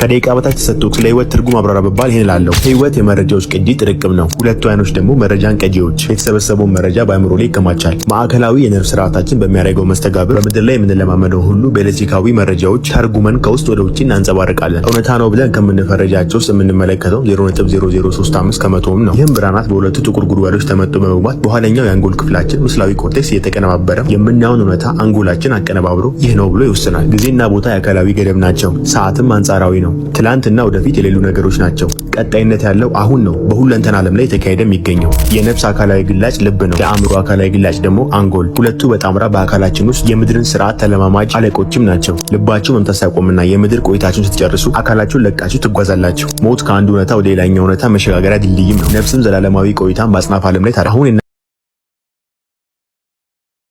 ከደቂቃ በታች ተሰጥቶ ስለ ህይወት ትርጉም አብራራ በባል ይህን ላለው ህይወት የመረጃዎች ቅጂ ጥርቅም ነው። ሁለቱ አይኖች ደግሞ መረጃን ቀጂዎች። የተሰበሰበውን መረጃ በአእምሮ ላይ ይከማቻል። ማዕከላዊ የነርቭ ስርዓታችን በሚያደርገው መስተጋብር በምድር ላይ የምንለማመደው ሁሉ በለዚካዊ መረጃዎች ተርጉመን ከውስጥ ወደ ውጭ እናንጸባርቃለን። እውነታ ነው ብለን ከምንፈረጃቸው ውስጥ የምንመለከተው 0.0035 ከመቶም ነው። ይህም ብራናት በሁለቱ ጥቁር ጉድጓዶች ተመጦ በመግባት በኋለኛው የአንጎል ክፍላችን ምስላዊ ኮርቴክስ እየተቀነባበረ የምናየውን እውነታ አንጎላችን አቀነባብሮ ይህ ነው ብሎ ይወስናል። ጊዜና ቦታ የአካላዊ ገደብ ናቸው። ሰዓትም አንጻራዊ ነው። ነው። ትላንትና ወደፊት የሌሉ ነገሮች ናቸው። ቀጣይነት ያለው አሁን ነው። በሁለንተን ዓለም ላይ የተካሄደ የሚገኘው የነፍስ አካላዊ ግላጭ ልብ ነው። የአእምሮ አካላዊ ግላጭ ደግሞ አንጎል። ሁለቱ በጣምራ በአካላችን ውስጥ የምድርን ስርዓት ተለማማጅ አለቆችም ናቸው። ልባችሁ መምታት ሲያቆምና የምድር ቆይታችሁን ስትጨርሱ አካላችሁን ለቃችሁ ትጓዛላችሁ። ሞት ከአንድ እውነታ ወደ ሌላኛው እውነታ መሸጋገሪያ ድልድይም ነው። ነፍስም ዘላለማዊ ቆይታን በአጽናፍ ዓለም ላይ አሁን